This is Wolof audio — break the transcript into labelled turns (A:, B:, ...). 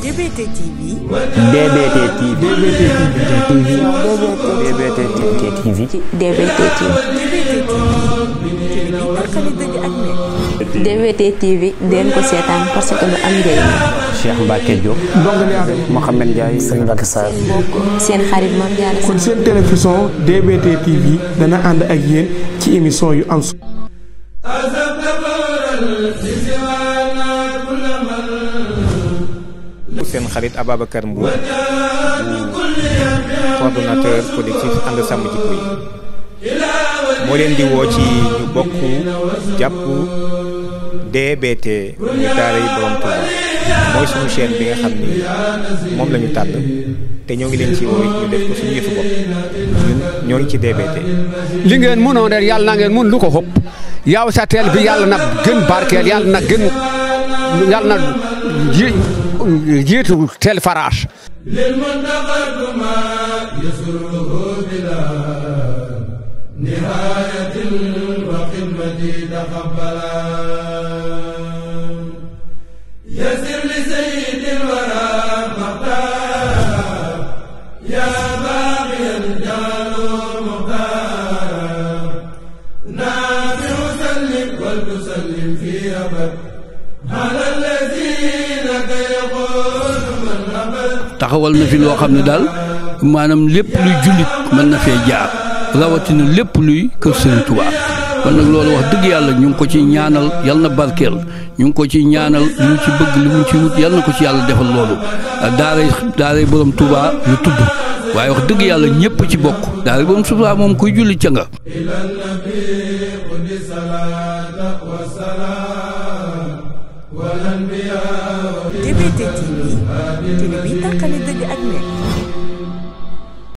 A: DBT TV. DBT TV. DBT TV. DBT TV. DBT TV. DBT TV den ko seetaan parce que lu am njëriñ. Cheikh Mbacke
B: Diop. Mouhamed Ndiaye.
C: Sëñ Mbacke Sarr.
B: seen xarit Mame Diarra. kon seen télévision DBT TV dana ànd ak yéen ci émission yu am solo.
A: seen xarit Ababacar Mbour coordonnateur collectif ànd sàmm jikko yi moo di woo ci ñu DBT ñu daaray borom Touba mooy suñu chaîne bi nga xam ni moom la ñu ñoo ngi leen ci ñu def ko suñu ñoo ngi ci DBT li ngeen mënoon rek yàlla ngeen mën lu ko xop sa teel bi gën gën yàlla na ji jiitu teel farage
C: والتسلم في أبد
B: taxawal na fi loo xam ne daal maanaam lépp luy jullit mën na fee jaar rawatina lépp luy kër Sëriñ Tuubaa kon nag loolu wax dëgg yàlla ñu ngi ko ci ñaanal yal na barkeel ñu ngi ko ci ñaanal li mu ci bëgg li mu ci wut yal na ko ci yàlla defal loolu daaray daaray borom Tuubaa lu tudd waaye wax dëgg yàlla ñépp ci bokk daaray borom Tuubaa moom kuy jullit ca nga
C: DBT TV télé bi tàqale dëgg ak nekk